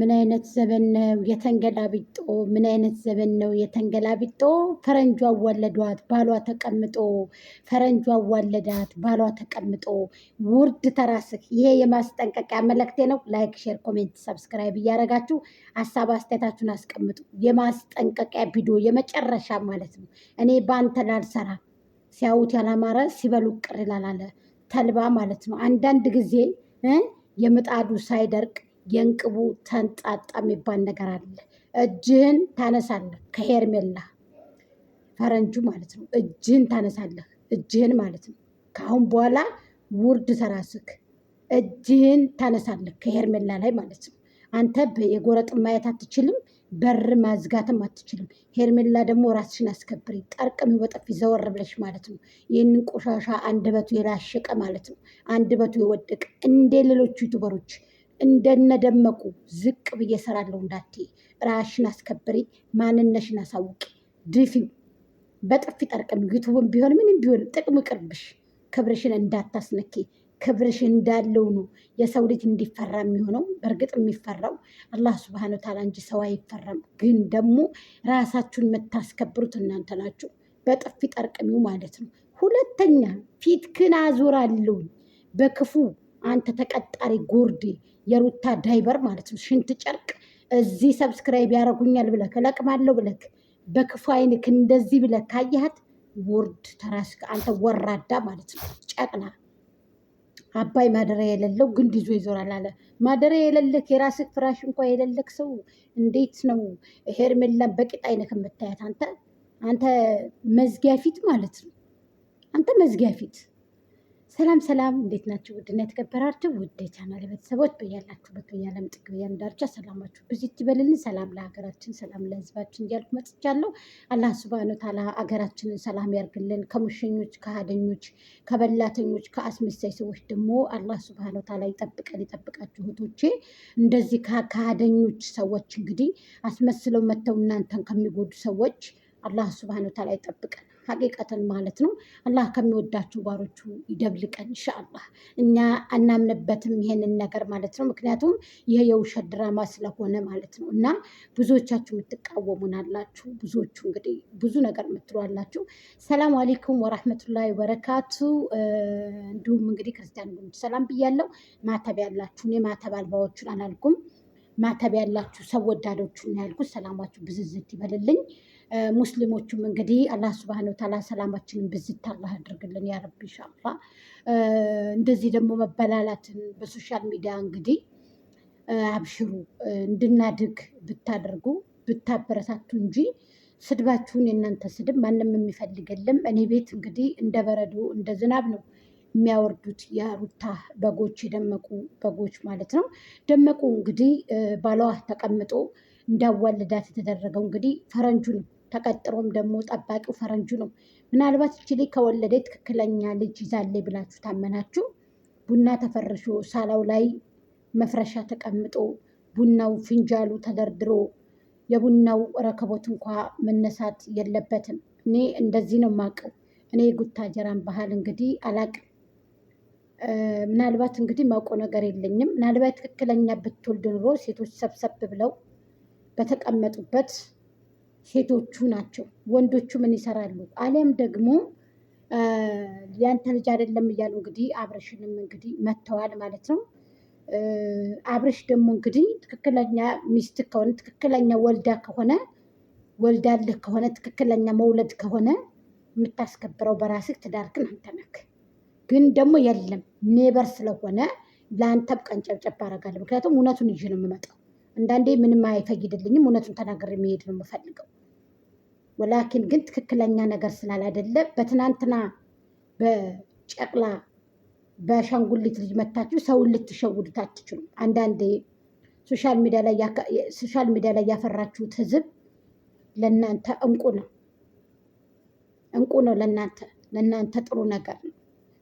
ምን አይነት ዘበን ነው የተንገላቢጦ? ምን አይነት ዘበን ነው የተንገላቢጦ? ፈረንጇ አዋለዷት ባሏ ተቀምጦ፣ ፈረንጇ አዋለዳት ባሏ ተቀምጦ። ውርድ ተራስክ። ይሄ የማስጠንቀቂያ መልእክቴ ነው። ላይክ፣ ሼር፣ ኮሜንት፣ ሰብስክራይብ እያደረጋችሁ ሀሳብ አስተያየታችሁን አስቀምጡ። የማስጠንቀቂያ ቪዲዮ የመጨረሻ ማለት ነው። እኔ በአንተ ላልሰራ ሲያዩት ያላማረ ሲበሉ ቅር ይላል አለ ተልባ ማለት ነው። አንዳንድ ጊዜ የምጣዱ ሳይደርቅ የእንቅቡ ተንጣጣ የሚባል ነገር አለ። እጅህን ታነሳለህ ከሄርሜላ ፈረንጁ ማለት ነው። እጅህን ታነሳለህ እጅህን ማለት ነው። ከአሁን በኋላ ውርድ ተራስክ እጅህን ታነሳለህ ከሄርሜላ ላይ ማለት ነው። አንተ የጎረጥ ማየት አትችልም፣ በር ማዝጋትም አትችልም። ሄርሜላ ደግሞ ራስሽን አስከብሪ፣ ጠርቅሚ ወጠፊ ዘወር ብለሽ ማለት ነው። ይህንን ቆሻሻ አንደበቱ የላሸቀ ማለት ነው፣ አንደበቱ የወደቀ እንደ ሌሎቹ ዩቱበሮች እንደነደመቁ ዝቅ ብዬ ሰራለው እንዳቴ። ራሽን አስከብሪ፣ ማንነሽን አሳውቂ፣ ድፊው፣ በጥፊ ጠርቅም። ዩቱብም ቢሆን ምንም ቢሆን ጥቅሙ ቅርብሽ፣ ክብርሽን እንዳታስነኪ። ክብርሽ እንዳለው ነው የሰው ልጅ እንዲፈራ የሚሆነው። በእርግጥ የሚፈራው አላህ ስብሐነ ወተዓላ እንጂ ሰው አይፈራም። ግን ደግሞ ራሳችሁን የምታስከብሩት እናንተ ናችሁ። በጥፊ ጠርቅሚው ማለት ነው። ሁለተኛ ፊትክን አዞራለሁ በክፉ አንተ ተቀጣሪ ጎርዴ፣ የሩታ ዳይበር ማለት ነው። ሽንት ጨርቅ እዚህ ሰብስክራይብ ያደረጉኛል ብለክ እለቅማለሁ ብለክ በክፉ አይንክ እንደዚህ ብለክ ካያት ውርድ ተራስክ። አንተ ወራዳ ማለት ነው። ጨቅና አባይ ማደሪያ የሌለው ግንድ ይዞ ይዞራል አለ። ማደሪያ የሌለክ የራስ ፍራሽ እንኳ የሌለክ ሰው እንዴት ነው ሄርሜላን በቂጥ አይነት የምታያት አንተ? አንተ መዝጊያ ፊት ማለት ነው። አንተ መዝጊያ ፊት ሰላም ሰላም፣ እንዴት ናችሁ? ውድና የተከበራችሁ ውድ የቻናል ቤተሰቦች በያላችሁበት በያለም ጥግ በያለም ዳርቻ ሰላማችሁ ብዙ ይበልልን። ሰላም ለሀገራችን፣ ሰላም ለሕዝባችን እያልኩ መጥቻለሁ። አላህ ሱብሃነሁ ወተዓላ ሀገራችንን ሰላም ያርግልን። ከሙሸኞች፣ ከሀደኞች፣ ከበላተኞች፣ ከአስመሳይ ሰዎች ደግሞ አላህ ሱብሃነሁ ወተዓላ ይጠብቀን፣ ይጠብቃችሁ እህቶቼ። እንደዚህ ከሀደኞች ሰዎች እንግዲህ አስመስለው መጥተው እናንተን ከሚጎዱ ሰዎች አላህ ሱብሃነሁ ወተዓላ ይጠብቀን። ሀቂቀትን ማለት ነው። አላህ ከሚወዳቸው ባሮቹ ይደብልቀን ኢንሻአላህ። እኛ አናምንበትም ይሄንን ነገር ማለት ነው። ምክንያቱም ይሄ የውሸት ድራማ ስለሆነ ማለት ነው። እና ብዙዎቻችሁ የምትቃወሙን አላችሁ፣ ብዙዎቹ እንግዲህ ብዙ ነገር የምትሉ አላችሁ። ሰላም አሌይኩም ወራህመቱላሂ ወበረካቱ። እንዲሁም እንግዲህ ክርስቲያን ሰላም ብያለው። ማተብ ያላችሁ እኔ ማተብ አልባዎቹን አላልኩም። ማተብ ያላችሁ ሰው ወዳዶቹ ያልኩት ሰላማችሁ ብዝዝት ይበልልኝ። ሙስሊሞቹም እንግዲህ አላህ ስብሃነ ወተዓላ ሰላማችንን ብዝት አላህ ያድርግልን ያረብ ኢንሻአላ። እንደዚህ ደግሞ መበላላትን በሶሻል ሚዲያ እንግዲህ አብሽሩ እንድናድግ ብታደርጉ ብታበረታቱ እንጂ ስድባችሁን የእናንተ ስድብ ማንም የሚፈልግልም። እኔ ቤት እንግዲህ እንደ በረዶ እንደ ዝናብ ነው የሚያወርዱት የሩታ በጎች የደመቁ በጎች ማለት ነው። ደመቁ እንግዲህ ባለዋ ተቀምጦ እንዳዋልዳት የተደረገው እንግዲህ ፈረንጁን ተቀጥሮም ደግሞ ጠባቂው ፈረንጁ ነው። ምናልባት እች ልጅ ከወለደ ትክክለኛ ልጅ ይዛሌ ብላችሁ ታመናችሁ ቡና ተፈርሾ ሳላው ላይ መፍረሻ ተቀምጦ ቡናው ፍንጃሉ ተደርድሮ የቡናው ረከቦት እንኳ መነሳት የለበትም። እኔ እንደዚህ ነው የማውቀው። እኔ የጉታጀራን ባህል እንግዲህ አላቅም። ምናልባት እንግዲህ ማውቀው ነገር የለኝም። ምናልባት ትክክለኛ ብትወልድ ኑሮ ሴቶች ሰብሰብ ብለው በተቀመጡበት ሴቶቹ ናቸው። ወንዶቹ ምን ይሰራሉ? አሊያም ደግሞ ያንተ ልጅ አይደለም እያሉ እንግዲህ አብረሽንም እንግዲህ መጥተዋል ማለት ነው። አብረሽ ደግሞ እንግዲህ ትክክለኛ ሚስት ከሆነ ትክክለኛ ወልዳ ከሆነ ወልዳልህ ከሆነ ትክክለኛ መውለድ ከሆነ የምታስከብረው በራስህ ትዳርክን አንተ ግን ደግሞ የለም ኔበር ስለሆነ ለአንተም ቀንጨብጨብ ጨብጨብ አደርጋለሁ። ምክንያቱም እውነቱን ይዤ ነው የምመጣው። አንዳንዴ ምንም አይፈይድልኝም። እውነቱን ተናገር የሚሄድ ነው የምፈልገው። ወላኪን ግን ትክክለኛ ነገር ስላላደለ በትናንትና በጨቅላ በአሻንጉሊት ልጅ መታችሁ ሰውን ልትሸውዱት አትችሉም። አንዳንድ ሶሻል ሚዲያ ላይ ያፈራችሁት ህዝብ ለእናንተ እንቁ ነው፣ እንቁ ነው ለእናንተ ለእናንተ ጥሩ ነገር ነው።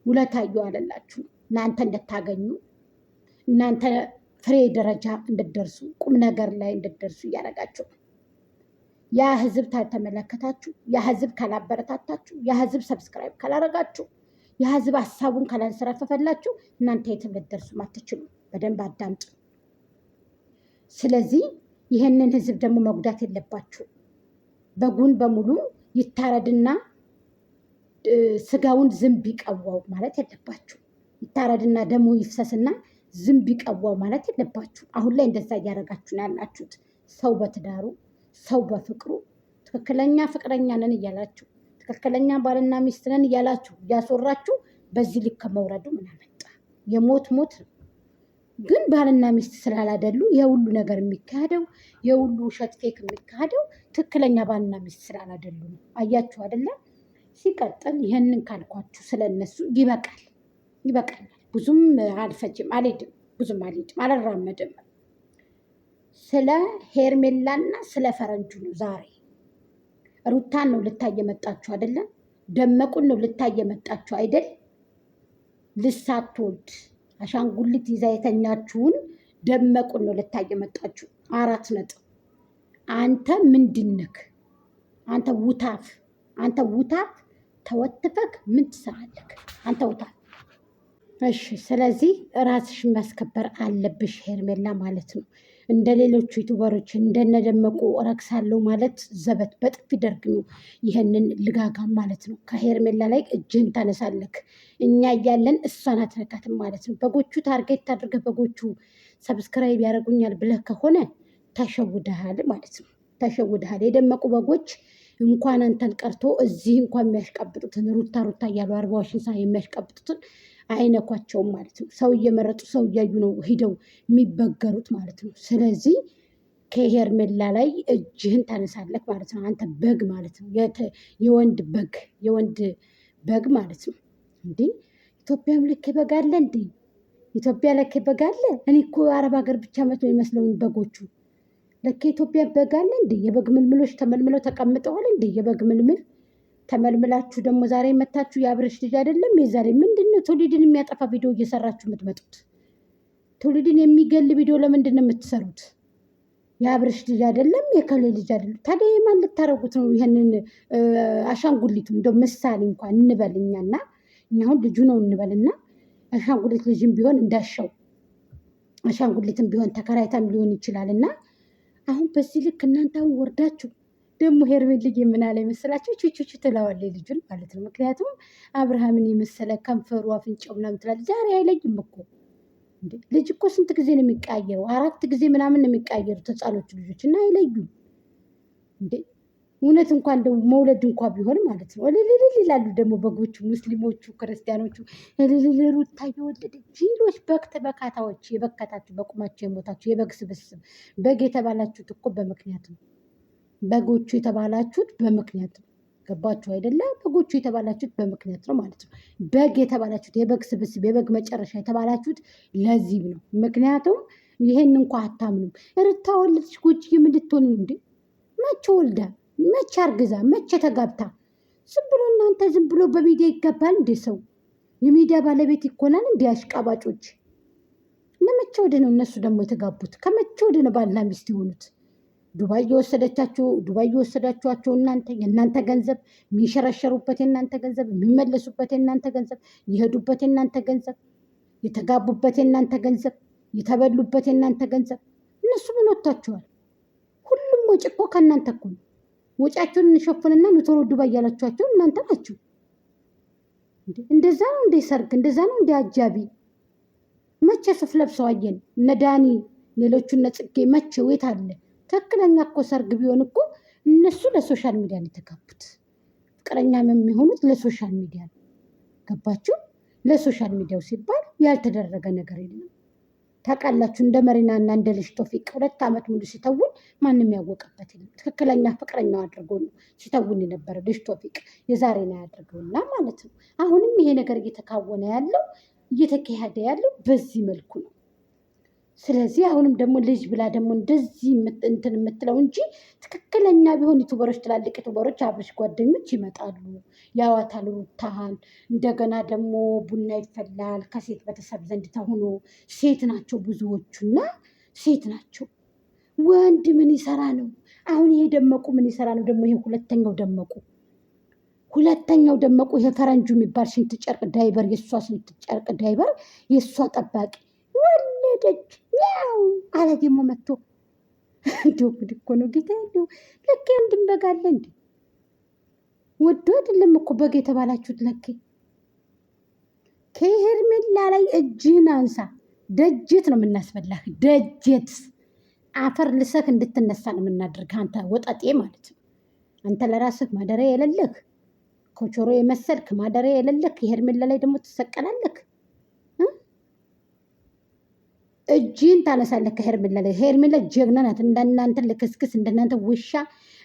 ውለታ እየዋለላችሁ እናንተ እንድታገኙ እናንተ ፍሬ ደረጃ እንድደርሱ ቁም ነገር ላይ እንድደርሱ እያደረጋችሁ ያ ህዝብ ካልተመለከታችሁ፣ ያ ህዝብ ካላበረታታችሁ፣ ያ ህዝብ ሰብስክራይብ ካላረጋችሁ፣ ያ ህዝብ ሀሳቡን ካላንሰራፈፈላችሁ እናንተ የትም ልትደርሱም አትችሉ። በደንብ አዳምጡ። ስለዚህ ይህንን ህዝብ ደግሞ መጉዳት የለባችሁ። በጉን በሙሉ ይታረድና ስጋውን ዝም ቢቀዋው ማለት የለባችሁ። ይታረድና ደሞ ይፍሰስና ዝም ቢቀዋው ማለት የለባችሁ። አሁን ላይ እንደዛ እያደረጋችሁ ነው ያላችሁት ሰው በትዳሩ ሰው በፍቅሩ ትክክለኛ ፍቅረኛ ነን እያላችሁ ትክክለኛ ባልና ሚስት ነን እያላችሁ እያስወራችሁ በዚህ ልክ ከመውረዱ ምን አመጣ? የሞት ሞት ነው። ግን ባልና ሚስት ስላላደሉ የሁሉ ነገር የሚካሄደው የሁሉ ውሸት ፌክ የሚካሄደው ትክክለኛ ባልና ሚስት ስላላደሉ ነው። አያችሁ አይደለም? ሲቀጥል ይህንን ካልኳችሁ ስለነሱ ይበቃል፣ ይበቃል። ብዙም አልፈጅም፣ አልሄድም፣ ብዙም አልሄድም፣ አልራመድም። ስለ ሄርሜላና ስለ ፈረንጁ ነው። ዛሬ ሩታን ነው ልታይ የመጣችሁ አይደለም። ደመቁን ነው ልታይ የመጣችሁ አይደል። ልሳትወድ አሻንጉሊት ይዛ የተኛችሁን ደመቁን ነው ልታይ የመጣችሁ። አራት ነጥብ። አንተ ምንድነክ? አንተ ውታፍ፣ አንተ ውታፍ ተወትፈክ ምን ትሰራለክ? አንተ ውታፍ። እሺ፣ ስለዚህ ራስሽ ማስከበር አለብሽ ሄርሜላ ማለት ነው። እንደ ሌሎቹ ዩቱበሮች እንደነደመቁ ረክሳለሁ ማለት ዘበት በጥፊ ደርግኙ። ይህንን ልጋጋም ማለት ነው። ከሄርሜላ ላይ እጅህን ታነሳለክ። እኛ እያለን እሷን አትነካትም ማለት ነው። በጎቹ ታርጌት ታድርገ በጎቹ ሰብስክራይብ ያደርጉኛል ብለህ ከሆነ ተሸውደሃል ማለት ነው። ተሸውደሃል። የደመቁ በጎች እንኳን አንተን ቀርቶ እዚህ እንኳን የሚያሽቀብጡትን ሩታ ሩታ እያሉ አርባዎችን ሳ የሚያሽቀብጡትን አይነኳቸውም ማለት ነው። ሰው እየመረጡ ሰው እያዩ ነው ሂደው የሚበገሩት ማለት ነው። ስለዚህ ከሄርሜላ ላይ እጅህን ታነሳለህ ማለት ነው። አንተ በግ ማለት ነው። የወንድ በግ የወንድ በግ ማለት ነው። እንዲህ ኢትዮጵያም ልክ በግ አለ እንዴ? ኢትዮጵያ ለክ በግ አለ? እኔ እኮ አረብ ሀገር ብቻ መቶ የመስለውን በጎቹ ለክ ኢትዮጵያ በግ አለ እንዴ? የበግ ምልምሎች ተመልምለው ተቀምጠዋል እንዴ? የበግ ምልምል ተመልምላችሁ ደግሞ ዛሬ መታችሁ የአብረሽ ልጅ አይደለም የዛሬ ምንድን ነው ትውልድን የሚያጠፋ ቪዲዮ እየሰራችሁ የምትመጡት? ትውልድን የሚገል ቪዲዮ ለምንድን ነው የምትሰሩት? የአብረሽ ልጅ አይደለም የከሌ ልጅ አይደለም። ታዲያ የማን ልታረጉት ነው? ይህንን አሻንጉሊቱ እንደ ምሳሌ እንኳን እንበል እኛና አሁን ልጁ ነው እንበልና አሻንጉሊት ልጅም ቢሆን እንዳሻው አሻንጉሊትም ቢሆን ተከራይታም ሊሆን ይችላል እና አሁን በዚህ ልክ እናንተ አሁን ወርዳችሁ ደግሞ ሄርሜን ልጅ የምናለ የመሰላቸው ቹቹቹ ትለዋለች ልጁን ማለት ነው። ምክንያቱም አብርሃምን የመሰለ ከንፈሩ አፍንጫው ምናምን ትላለች። ዛሬ አይለይም እኮ ልጅ እኮ ስንት ጊዜ ነው የሚቃየረው? አራት ጊዜ ምናምን ነው የሚቃየሩ ህፃኖች ልጆች እና አይለዩም እንዴ እውነት እንኳን ደሞ መውለድ እንኳ ቢሆን ማለት ነው። እልልልል ይላሉ ደግሞ በጎቹ፣ ሙስሊሞቹ፣ ክርስቲያኖቹ እልልል ሩታ የወለደ ጅሎች፣ በክት በካታዎች፣ የበከታችሁ በቁማቸው የሞታችሁ የበግ ስብስብ በግ የተባላችሁት እኮ በምክንያት ነው። በጎቹ የተባላችሁት በምክንያት ገባችሁ አይደለ? በጎቹ የተባላችሁት በምክንያት ነው ማለት ነው። በግ የተባላችሁት የበግ ስብስብ፣ የበግ መጨረሻ የተባላችሁት ለዚህ ነው። ምክንያቱም ይሄን እንኳ አታምኑም። ርታ ወለደች። ጎጅዬ ምን እንዴ? መቼ ወልዳ፣ መቼ አርግዛ፣ መቼ ተጋብታ? ዝም ብሎ እናንተ ዝም ብሎ በሚዲያ ይገባል እንዴ? ሰው የሚዲያ ባለቤት ይኮናል እንዲ አሽቃባጮች ለመቼ ወደ ነው እነሱ ደግሞ የተጋቡት? ከመቼ ወደ ነው ባልና ሚስት የሆኑት? ዱባይ የወሰደቻችሁ ዱባይ የወሰዳችኋቸው እናንተ የእናንተ ገንዘብ የሚሸረሸሩበት የእናንተ ገንዘብ የሚመለሱበት የእናንተ ገንዘብ የሄዱበት የእናንተ ገንዘብ የተጋቡበት የእናንተ ገንዘብ የተበሉበት የእናንተ ገንዘብ እነሱ ምን ወጥታችኋል? ሁሉም ወጪ እኮ ከእናንተ እኮ ነው። ወጪያችሁን እንሸፍንና ኑቶሎ ዱባይ እያላችኋቸው እናንተ ናችሁ። እንደዛ ነው እንደ ሰርግ፣ እንደዛ ነው እንደ አጃቢ። መቼ ሱፍ ለብሰው አየን? እነ ዳኒ ሌሎቹ እነ ጽጌ መቼ? ወይት አለ ትክክለኛ እኮ ሰርግ ቢሆን እኮ እነሱ ለሶሻል ሚዲያ ነው የተጋቡት። ፍቅረኛ የሚሆኑት ለሶሻል ሚዲያ ነው። ገባችሁ? ለሶሻል ሚዲያው ሲባል ያልተደረገ ነገር የለም። ታውቃላችሁ፣ እንደ መሪናና እንደ ልጅ ቶፊቅ ሁለት ዓመት ሙሉ ሲተውን ማንም ያወቀበት የለም። ትክክለኛ ፍቅረኛው አድርጎ ነው ሲተውን የነበረ ልጅ ቶፊቅ ነው ያደርገውና ማለት ነው። አሁንም ይሄ ነገር እየተካወነ ያለው እየተካሄደ ያለው በዚህ መልኩ ነው። ስለዚህ አሁንም ደግሞ ልጅ ብላ ደግሞ እንደዚህ እንትን የምትለው እንጂ ትክክለኛ ቢሆን ዩቱበሮች፣ ትላልቅ ዩቱበሮች አብርሽ ጓደኞች ይመጣሉ፣ ያዋታሉ፣ ሩታሃን እንደገና ደግሞ ቡና ይፈላል ከሴት ቤተሰብ ዘንድ ተሆኖ ሴት ናቸው ብዙዎቹና ሴት ናቸው። ወንድ ምን ይሰራ ነው? አሁን ይሄ ደመቁ ምን ይሰራ ነው? ደግሞ ይሄ ሁለተኛው ደመቁ ሁለተኛው ደመቁ ይሄ ፈረንጁ የሚባል ሽንት ጨርቅ ዳይበር የእሷ ሽንት ጨርቅ ዳይበር የእሷ ጠባቂ ደጅ ያው አለ ደግሞ መጥቶ እንዲው ጉድ እኮ ነው ጌታ ያለው ለኬ ወንድም በግ አለ ወዶ አይደለም እኮ በግ የተባላችሁት ለኬ ከሄርሜላ ላይ እጅህን አንሳ ደጀት ነው የምናስበላህ ደጀት አፈር ልሰህ እንድትነሳ ነው የምናደርግ አንተ ወጠጤ ማለት ነው አንተ ለራስህ ማደሪያ የሌለህ ኮቾሮ የመሰልክ ማደሪያ የሌለህ የሄርሜላ ላይ ደግሞ ትሰቀላለህ እጅን ታነሳለህ ከሄርሜላ ላይ። ሄርሜላ ጀግና ናት። እንደናንተ ልክስክስ፣ እንደናንተ ውሻ፣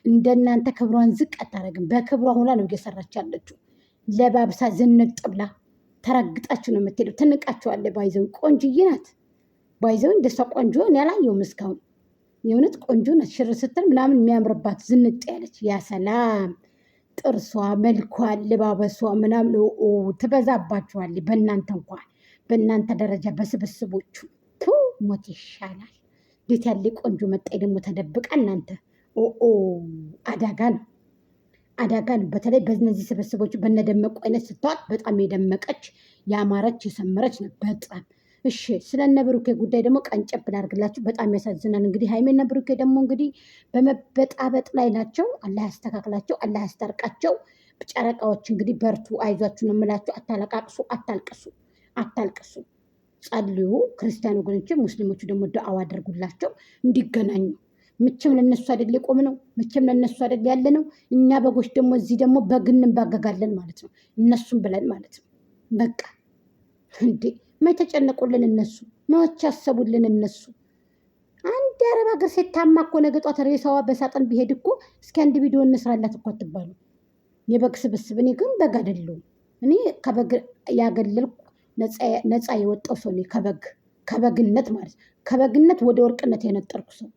እንደናንተ ክብሯን ዝቅ አታደርግም። በክብሯ ሆና ነው እየሰራች ያለችው። ለባብሳ ዝንጥ ብላ ተረግጣችሁ ነው የምትሄደው። ትንቃችኋለህ። ባይዘውን ቆንጆዬ ናት። ባይዘው እንደሷ ቆንጆ እኔ አላየሁም እስካሁን። የእውነት ቆንጆ ናት። ሽር ስትል ምናምን የሚያምርባት ዝንጥ ያለች ያሰላም ጥርሷ፣ መልኳ፣ ልባበሷ ምናምን ትበዛባችኋል። በእናንተ እንኳን በእናንተ ደረጃ በስብስቦቹ ሞት ይሻላል። እንዴት ያለ ቆንጆ መጣይ ደግሞ ተደብቃ እናንተ ኦኦ አዳጋ ነው አዳጋ ነው። በተለይ በእነዚህ ስብስቦች በነደመቁ አይነት ስትዋት በጣም የደመቀች ያማረች የሰመረች ነው በጣም እሺ። ስለነ ብሩኬ ጉዳይ ደግሞ ቀንጨብ ብናደርግላችሁ በጣም ያሳዝናል። እንግዲህ ሀይሜና ብሩኬ ደግሞ እንግዲህ በመበጣበጥ ላይ ናቸው። አላህ ያስተካክላቸው፣ አላህ ያስታርቃቸው። ጨረቃዎች እንግዲህ በርቱ፣ አይዟችሁ ነው የምላችሁ። አታለቃቅሱ፣ አታልቅሱ፣ አታልቅሱ። ጸልዩ። ክርስቲያን ወገኖችን ሙስሊሞቹ ደግሞ ዳዕዋ አድርጉላቸው እንዲገናኙ። መቼም ለነሱ አይደል የቆም ነው፣ መቼም ለነሱ አይደል ያለ ነው። እኛ በጎች ደግሞ እዚህ ደግሞ በግን እንባገጋለን ማለት ነው፣ እነሱም ብለን ማለት ነው። በቃ እንዴ መተጨነቁልን እነሱ መች ያሰቡልን እነሱ። አንድ የአረብ ሀገር ሴት ታማ እኮ ነገ ጧት ሬሳዋ በሳጥን ቢሄድ እኮ እስኪ አንድ ቪዲዮ እንስራላት እኮ አትባሉ። የበግ ስብስብ እኔ ግን በግ አይደለሁም እኔ ከበግ ያገለልኩ ነፃ የወጣው ሰው ከበግ ከበግነት ማለት ከበግነት ወደ ወርቅነት የነጠርኩ ሰው